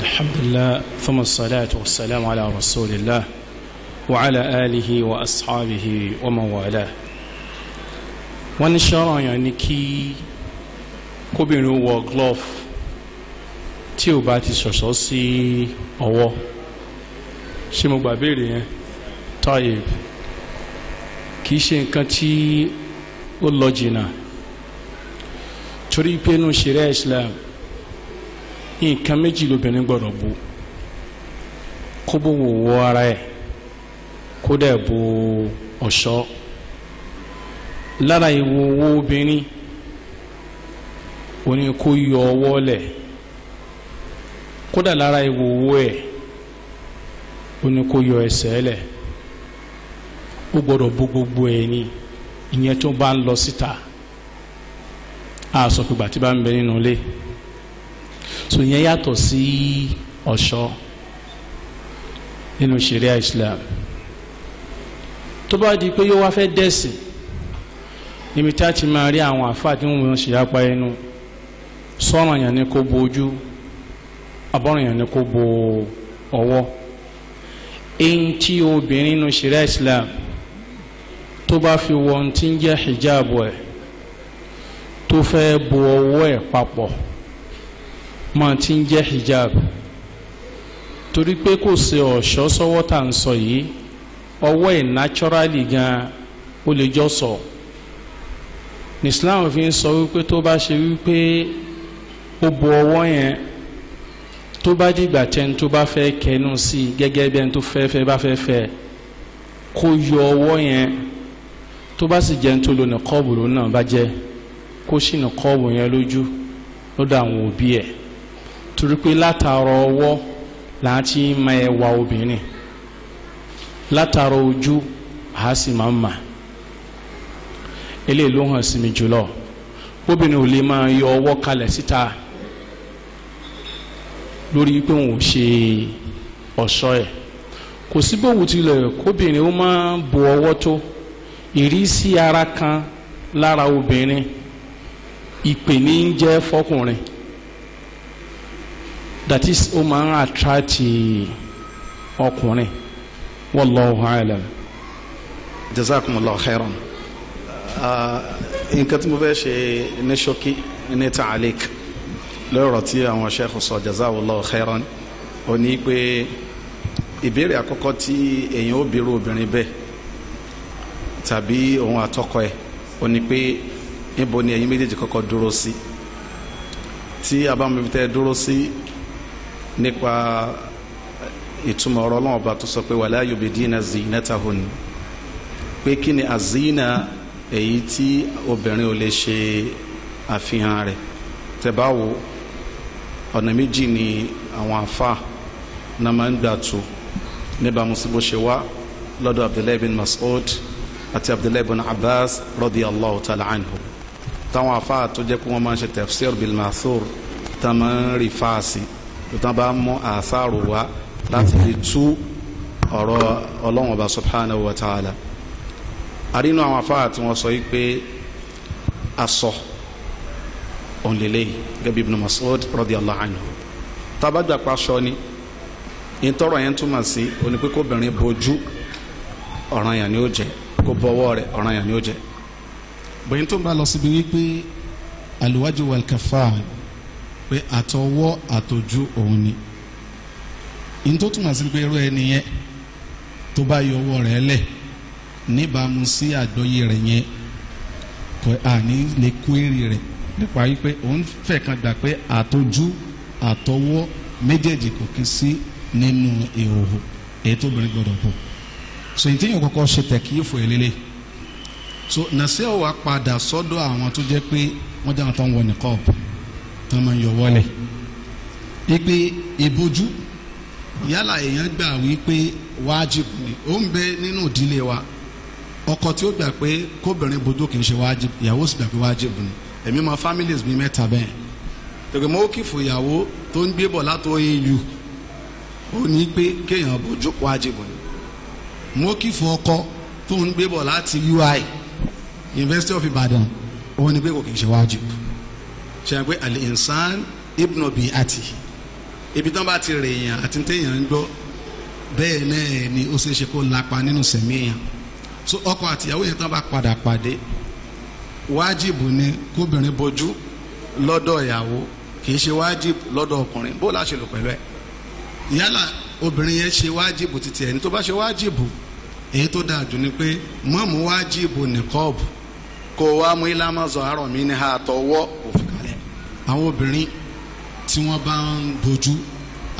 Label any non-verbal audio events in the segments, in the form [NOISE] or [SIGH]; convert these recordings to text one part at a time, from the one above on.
الحمد لله ثم الصلاة والسلام على رسول الله وعلى آله وأصحابه ومن والاه wọ́n ní ṣọ́ràn yàn ní kí kóbìnrin wọ glove tí ò bá ti ṣọ̀ṣọ́ sí ọwọ́ ṣé mo gbà béèrè yẹn tayib kì í ṣe nǹkan tí ó lọ jìnnà torí pé inú ṣẹ̀ríà Islam nǹkan méjì lóbìnrin gbọ́dọ̀ bo kó bó wò wọ ara ẹ̀ kó dẹ̀ bo ọ̀ṣọ́ lára ìwò owó obìnrin ó ní kó yọ ọwọ́ lẹ̀ kódà lára ìwò owó ẹ̀ ó kó yọ ẹsẹ̀ lẹ̀ ó gbọ́dọ̀ bó gbogbo ẹ̀ ni ìyẹn tó bá ń lọ síta a sọ pé gbàtí bá ń bẹ nínú ilé so yẹn yàtọ̀ sí ọ̀ṣọ́ nínú sharia islam tó bá di pé yóò wá fẹ́ dẹ̀sìn níbi tá a ti máa rí àwọn àfáà tí wọ́n ṣe apá ẹnu sọ́ràn yẹn ni kó bo ojú abọ́ràn yẹn ni kó bo ọwọ́ eyín tí obìnrin nínú sharia islam tó bá fi wọ ohun tí ń jẹ́ hijab ẹ̀ tó fẹ́ bo ọwọ́ ẹ̀ papọ̀. E mọ́ ti ń jẹ́ hijab torí pé kò ṣe ọ̀ṣọ́ sọ́wọ́ tá à ń sọ yìí ọwọ́ ẹ̀ naturally gan ó lè jọ sọ ní Islam fi ń sọ wípé tó bá ṣe wípé ó bo ọwọ́ yẹn tó bá dìgbà tẹni tó bá fẹ́ kẹnu sí i gẹ́gẹ́ bí ẹni tó fẹ́ fẹ́ bá fẹ́ fẹ́ kó yọ ọwọ́ yẹn tó bá sì jẹ́ tó lò ní kọ́ọ̀bù lónà bá jẹ́ kó sì ní kọ́ọ̀bù yẹn lójú lọ́dọ̀ àwọn òbí ẹ̀ torí pé látàrọ ọwọ́ là á ti ma ẹwà obìnrin látàrọ ojú à á sì máa ń mà eléyìí ló hàn sí mi jùlọ obìnrin ò lè máa yọ ọwọ́ kalẹ̀ síta lórí pé òun ò ṣe ọ̀ṣọ́ ẹ̀ kò sí bóun tilẹ̀ kóbìnrin ó máa bo ọwọ́ tó ìrísí ara kan lára obìnrin ìpè ní í jẹ́ fọkùnrin that is O máa ń attract ọkùnrin wallahu alam. jazakumullahu khairan uh, nǹkan tí mo fẹ́ ṣe ní ṣókí ní ta'alik lọ́rọ̀ tí àwọn sheikh sọ Allah khairan ó ní pé ìbéèrè àkọ́kọ́ tí èèyàn ó bèrè obìnrin bẹ́ẹ̀ tàbí òun àtọkọ ẹ̀ ó ní pé níbo ni ẹ̀yin méjèèjì kọ́kọ́ dúró sí tí abámu tẹ́ dúró sí nípa eh, ìtumọ̀ ọ̀rọ̀ ọlọ́run ọba tó sọ pé wala yubidina zinatahun pé kí ni àzínà èyí tí obìnrin ò lè ṣe àfihàn rẹ̀ tẹ̀báwo ọ̀nà méjì ni àwọn afa náà máa ń gbà tó níbàámu sí bó ṣe wá lọ́dọ̀ abdullahi bin mas'ud àti abdullahi bin abbas radiyallahu ta'ala anhu táwọn afa tó jẹ́ pé wọ́n máa ń ṣe tafsir bil ma'thur tá máa ń rí fáàsì tuntun bá mú àfáàrò wá láti fi tú ọ̀rọ̀ ọlọ́wọ̀n ọba subhanahu wa ta'ala àrínú àwọn afáà tí wọ́n sọ yí pé asọ òǹlẹ̀lẹ̀ gẹ́bí ibn Mas'ud radiyallahu anhu tábàgbà paṣọ ni ìtọ́rọ̀ yẹn túmọ̀ sí oní pé kóbìnrin bojú ọ̀ràn yàn ni ó jẹ kó bọ́wọ́ rẹ̀ ọ̀ràn yàn ni ó jẹ. bẹ́ẹ̀ tó ń bá lọ síbi wípé alwaju wal pé àtọwọ́ àtọjú òun ni n tó túmọ̀ sí pé irú ẹni yẹn tó bá yọ ọwọ́ rẹ̀ lẹ̀ níbàámu sí àgbọ́yé rẹ̀ yẹn kò àní lè kó èrè rẹ̀ nípa wípé òun fẹ́ gbà pé àtọjú àtọwọ́ méjèèjì kò kí sí nínú ìhòòhò èyí obìnrin gbọdọ̀ bò so èyí tí yóò kọ́kọ́ ṣe tẹ̀kí ìlélẹ̀ so nàṣẹ́ ò wá padà sọ́dọ̀ àwọn tó jẹ́ pé wọ́n jẹ́ àwọn tó ń wọ nìkọ́ọ̀bù tán máa ń yọ wọlé wípé ìbojú yálà èèyàn gbà wípé wájibù ni ó ń bẹ nínú ìdílé wa ọkọ tí ó gbà pé kóbìnrin bojú kì í ṣe wájibù ìyàwó sì gbà pé wájibù ni èmi mọ families mi mẹ́ta bẹ́ẹ̀ tòkèmọ ó kì fún ìyàwó tó ń gbé bọ̀ látọ au ó ní pé kéèyàn bojú wájibù ni mo kì fún ọkọ tó ń gbé bọ̀ láti UI University of Ibadan ó ní pé kò kì í ṣe wájibù ṣe pé al-insan ibnu bi ati ibi tán bá ti rè èèyàn àti téèyàn ń gbọ́ bẹ́ẹ̀ náà ni ó ṣeé ṣe kó lapa nínú sẹ̀mí èèyàn so ọkọ àtìyàwó yẹn tán bá padà pàdé wájìbù ni kóbìnrin bojú lọ́dọ̀ ìyàwó kì í ṣe wájìbù lọ́dọ̀ ọkùnrin bó la ṣe lò pẹ̀lú ẹ̀ yálà obìnrin yẹn ṣe wájìbù títí ẹni tó bá ṣe wájìbù èyí tó dáa jù ni pé mọ́mú wájìbù nìkọ́ọ̀bù kó wá mú ilámọ́zọ̀ àárọ̀ mi ní ha àtọwọ́ òfin àwọn obìnrin tí wọ́n bá ń dojú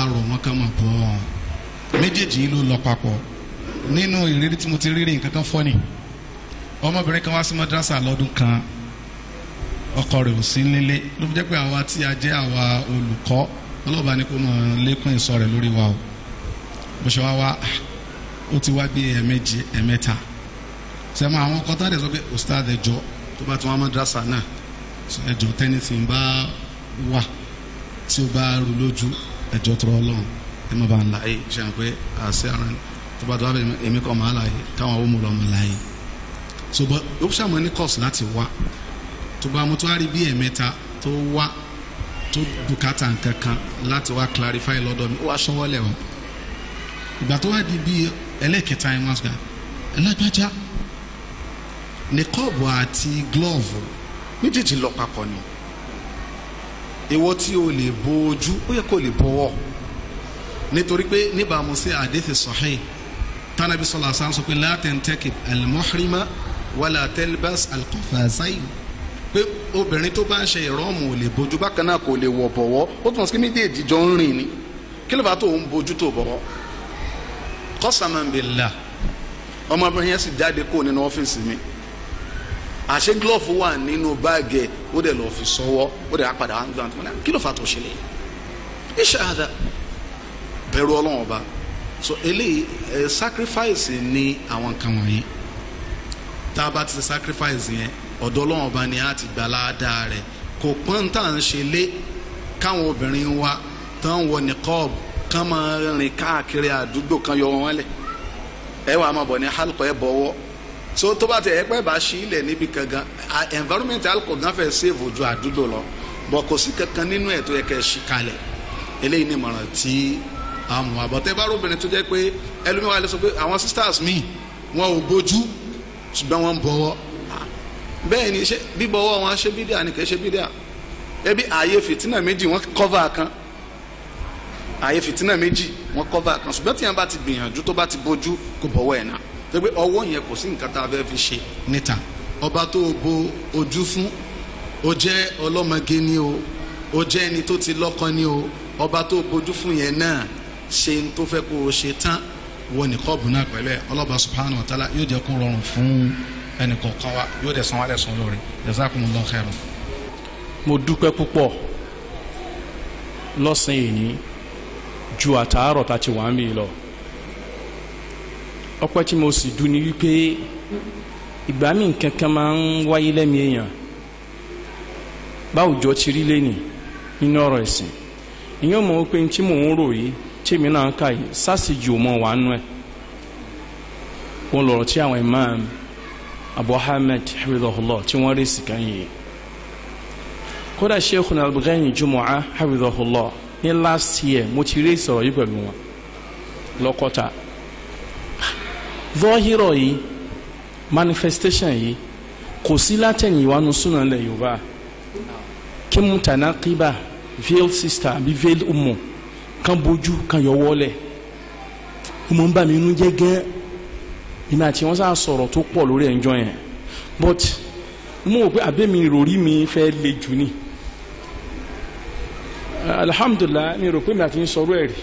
arò wọn kàn máa bọ́ wọn méjèèjì ló lọ papọ̀ nínú ìrírí tí mo ti rírí nǹkan kan fọ́ ni ọmọbìnrin kan wá sí madrasa lọ́dún kan ọkọ rẹ̀ ò sí nílé ló fi jẹ́ pé àwa tí a jẹ́ àwa olùkọ́ ọlọ́ọ̀bá ni kò máa lékún ìsọ rẹ̀ lórí wa o bó ṣe wá wá ó ti wá bí ẹ̀ẹ̀mejì ẹ̀ẹ̀mẹ́ta sẹ́mu àwọn ọkọ tá a dẹ̀ sọ pé ustaz ẹ̀jọ́ tó bá tún wá madrasa náà ẹjọ́ tẹ́nifìn bá wà tí ó bá rú lójú ẹjọ́ tọrọ ọlọ́run ẹ má bàa ńlá yìí ṣe àpẹ àṣẹ ara tó bá tó bá bẹ èmi kan máa láàyè káwọn owó mo lọ mọ láàyè ṣùgbọ́n ó ṣàmọ́ ní course láti wá tó bá mọ́tòárì bíi ẹ̀mẹ́ta tó wá tó bùkátà nkankan láti wá clarify lọ́dọ̀ mi ó wá sọ́wọ́lẹ̀ o ìgbà tó wá di bíi ẹlẹ́kẹta ẹ̀ wọ́n sọ ẹlẹ́gbẹ́já ní kọ́ọ̀bù àti glove méjèèjì lọ papọ̀ ni èwo tí o lè bo ojú ó yẹ kó lè bọwọ́ nítorí pé níbàámu sí àdéhì sahih tánàbí sọlá sáà sọ pé látẹ̀ntẹ́kì al-muhrima wàlà tẹ́lbàs al-qafasayn pé obìnrin tó bá ń ṣe ìrọ́mù ò lè bojú bákan náà kò lè wọ̀ bọ̀wọ́ ó tún sí méjèèjì jọ ń rìn ni kí ló bá tó ń bojú tó bọ̀wọ́ qasaman ọmọbìnrin yẹn sì jáde kó nínú ọ́fíìsì mi àṣé glove wà nínú báàgì ẹ̀ ó dẹ̀ lọ́ọ́ fi sọ́wọ́ ó dẹ̀ á padà wá ń gbà kí ló fà tó ṣe léyìí iṣẹ́ bẹ̀rù ọlọ́run ọba so eléyìí ẹ sacrifice ní àwọn nǹkan wọ̀nyí tá a bá ti sacrifice yẹn ọ̀dọ̀ ọlọ́run ọba ni a ti gbà ládàá rẹ̀ kò pọ́n tá à ń ṣe lé káwọn obìnrin wa tán wọ niqab kán máa rìn káàkiri àdúgbò kan yọ wọn lẹ̀ ẹ wàá máa bọ̀ ní halqa ẹ bọ̀wọ́ so tó bá tẹ ẹ pẹ́ bá ṣí ilẹ̀ níbi kankan environment alcohol gan fẹ́ save ojú àdúgbò lọ bọ̀ kò sí kankan nínú ẹ̀ tó yẹ kẹ́ ṣí kalẹ̀ eléyìí ni ìmọ̀ràn tí àmọ́ àbọ̀tẹ́ bá ròbìnrin tó jẹ́ pé ẹlòmíwá lè sọ pé àwọn sisters mi wọn ò bójú ṣùgbọ́n wọ́n ń bọ̀wọ́ bẹ́ẹ̀ ni ṣé bíbọ̀wọ́ wọn ṣe bídíà ni kì í ṣe bídíà ẹbí ààyè fìtínà méjì wọ́n kọ́fà kan ààyè fìtínà méjì wọ́n kọ́fà kan ṣùgbọ́n tíyẹn bá ti gbìyànjú tó bá ti bójú kò bọ̀wọ́ ẹ̀ náà pé ọwọ́ yẹn kò sí nǹkan tá a fẹ́ fi ṣe níta ọba tó o bo ojú fún o jẹ́ ọlọ́mọge ni o o jẹ́ ẹni tó ti lọ́kọ ni o ọba tó o bojú fún yẹn náà ṣe ń tó fẹ́ kó o ṣe tán wọ nìkọ́ọ̀bù náà pẹ̀lú ẹ̀ ọlọ́ba subhanahu wa ta'ala yóò jẹ́ kó rọrùn fún ẹnì kọ̀ọ̀kan wa yóò dẹ̀ san wálẹ̀ san lórí jazakumullahu khairan. mo dúpẹ́ púpọ̀ lọ́sàn-án ju àtàárọ̀ tá ti wà ń bí lọ ọpẹ́ tí mo sì dùn ni wípé ìgbà míì kankan máa ń wáyé lẹ́mìí èèyàn báwùjọ ti rí lẹ́nì nínú ọ̀rọ̀ ẹ̀sìn ìyẹn mọ̀ pé tí mò ń rò yìí tèmi náà kà yìí sásìjì ò mọ̀ wà nù ẹ̀ wọn lọ̀rọ̀ tí àwọn imam abu ahmed hafidhahullah tí wọ́n rí sìkà yìí kódà sheikhun al-Bughani Jumu'ah hafidhahullah ní last year mo ti rí ìsọ̀rọ̀ yìí pẹ̀lú wọn lọ́kọ́ta zọ́hírọ̀ yìí manifestation yìí kò sí látẹ̀yìn ìwánu súnà lẹ̀ yorùbá kí mutana kíbà veil sister àbí veil umu kan bójú kan yọwọ́ lẹ̀ umu ń bà mí inú jẹ́ gẹ́ iná àti wọn sá sọ̀rọ̀ tó pọ̀ lórí ẹ̀ńjọ́ yẹn but mo wò pé àbẹ́mi ìròrí mi fẹ́ le jù ni alhamdulilah mi rò pé mi àti ń sọ̀rọ̀ ẹ̀rí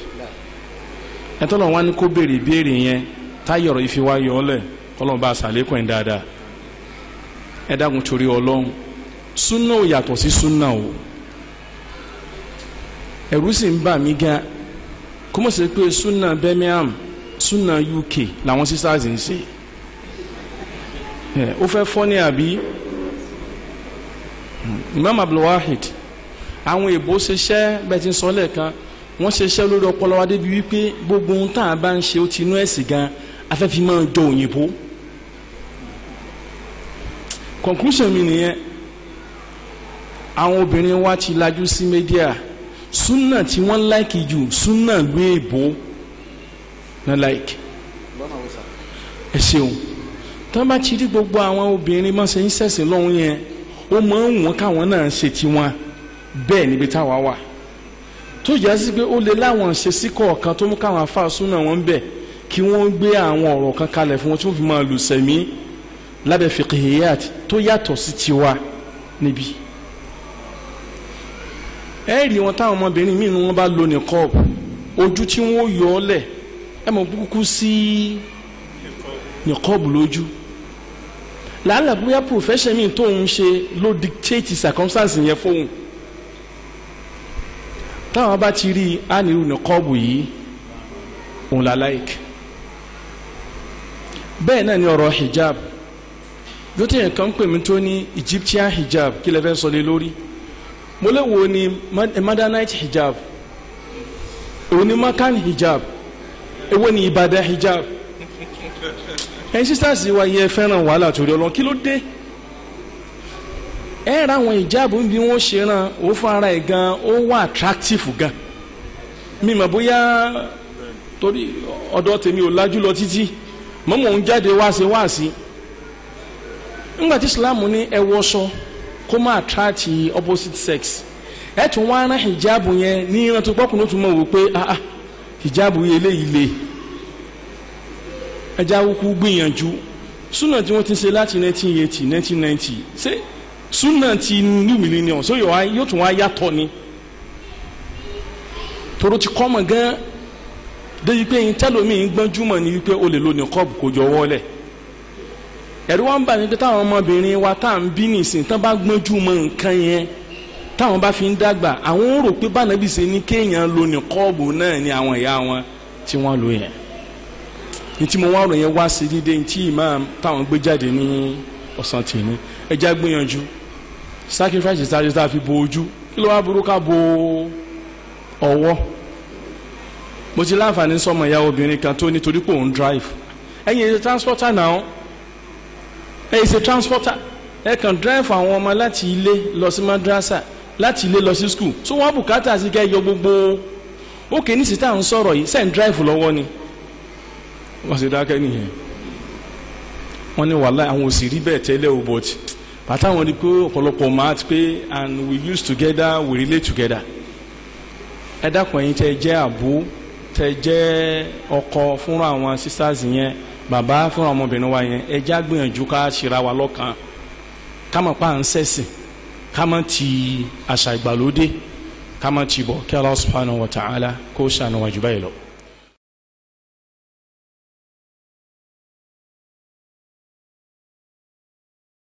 ẹ̀tọ́ lọ́wọ́ wá ní kó béèrè ìbéèrè yẹn táyọ̀rọ̀ ife wa yọ ọ́lẹ̀ kọ́lọ́n bá sàlékún ẹ̀ dáadáa ẹ dákun torí ọlọ́run súnà ò yàtọ̀ sí súnà o ẹ̀rú sì ń bà mí gan kó mọ̀ sí pé súnà Birmingham súnà UK làwọn sisters ń ṣe ó fẹ́ fọ́ ní àbí Imam Abdulwahid àwọn èèbó ṣiṣẹ́ bẹ́ẹ̀ ti ń sọ lẹ́ẹ̀kan wọ́n ṣiṣẹ́ lórí ọpọlọ wa débi wípé gbogbo ohun tá a bá ń ṣe ó ti inú ẹ̀sìn gan-an afẹ́fi máa jọ òyìnbó conclusion mi nìyẹn àwọn obìnrin wa ti lajú sí media súnà tí wọ́n like. jù súnà gbé èbó náà láìkì ẹ ṣeun tí wọ́n bá ti rí gbogbo àwọn obìnrin máa ṣe ń ṣẹ̀sìn lọ́hún yẹn ó máa ń wọ́n káwọn náà ṣe tiwọn bẹ́ẹ̀ níbi táwa wà tó jẹ́ sí pé ó lè láwọn ṣe sí kọ̀ọ̀kan tó mú káwọn afáàsúnà wọn bẹ́ẹ̀ kí wọ́n gbé àwọn ọ̀rọ̀ kan kalẹ̀ fún wọn tí wọ́n fi máa lù sẹ̀mí lábẹ́ fiqhiyat tó yàtọ̀ sí tiwa níbí ẹ rí wọn táwọn ọmọbìnrin míì ni wọ́n bá lo nìkọ́ọ̀b ojú tí wọ́n yọ ọ́ lẹ̀ ẹ mọ̀ kúkú sí nìkọ́ọ̀bù lójú làálàá bóyá profession mi tó ń ṣe ló dictate circumstance yẹn fóun táwọn bá ti rí i á nílùú nìkọ́ọ̀bù yìí òun la like bẹ́ẹ̀ náà ni ọ̀rọ̀ hijab bí ó tẹ̀yẹ̀ kan pè mí tó ní Egyptian hijab kí lẹ fẹ́ sọ lé lórí mo lè wo ni madanite hijab èwo ni makan hijab èwo ni Ìbàdàn hijab [LAUGHS] ẹ̀yin sisters wa yẹ fẹ́ràn wàhálà torí Ọlọ́run kí ló dé ẹ ra àwọn ìjáàbù bí wọ́n ṣe ràn ó fún ara ẹ̀ gan ó wà attractive gan mi mọ̀ bóyá torí ọ̀dọ́ tèmi ò lájú lọ títí mọ́mọ́ òun jáde wá sí wá sí nígbà tí islam ní ẹ wọṣọ kó má attract opposite sex ẹ tún wá rán hijab yẹn ní ìrántí pọ́kùnrin tún mọ̀ wò pé ah ah hijab yẹn eléyìí le ẹja kúkú gbìyànjú súnà tí wọ́n ti ṣe láti 1980 1990 ṣé súnà ti new millennium so yóò tún wá yàtọ̀ ni toro ti kọ́ mọ̀ gan déyìí pé yín tẹ́lómi ń gbọ́njúmọ̀ ni wípé o lè lo ní kọ́ọ̀bù kó jọ wọ́lẹ̀ ẹ̀rú wọn bá ní pé táwọn ọmọbìnrin wa tá à ń bí nìsín tán bá gbọ́njúmọ̀ nǹkan yẹn táwọn bá fi ń dàgbà àwọn ń rò pé bánàbí ṣe ní kéèyàn lo ní kọ́ọ̀bù náà ni àwọn ìyá wọn tí wọ́n lo yẹn ní mo wá rò yẹn wá sí dídé ní tí táwọn gbé jáde ní ọ̀sán tèmi ẹja gbìyànjú sacrifice sáré sáfi bo ojú kí ló wá burú ká ọwọ́ mo ti láǹfààní sọmọ ìyá obìnrin kan tó nítorí pé òun drive ẹ̀yin ṣe transporter náà ẹ̀yin ṣe transporter ẹ kàn drive àwọn ọmọ láti ilé lọ sí madrasa láti ilé lọ sí school so wọ́n bùkátà sí kẹ́ yọ gbogbo òkè ní sítá ń sọ̀rọ̀ yìí sẹ́ǹ drive lọ́wọ́ ni wọ́n sì dákẹ́ nìyẹn wọ́n ní wàhálà àwọn òsì rí bẹ́ẹ̀ tẹ́lẹ̀ o but bàtà wọn ni pé ọ̀pọ̀lọpọ̀ máa ti pé and we use together we relate together ẹ dákun ẹ̀yin tẹ́ jẹ́ àbú tẹ jẹ́ ọkọ fúnra àwọn sisters yẹn bàbá fúnra ọmọbìnrin wa yẹn ẹ já gbìyànjú ká ṣera wa lọ́kàn ká mọ̀ pa à ń sẹ̀sìn ká mọ̀ ti àṣà ìgbàlódé ká ti bọ̀ kí Allah subhanahu wa ta'ala kó ṣàánú wa báyìí lọ.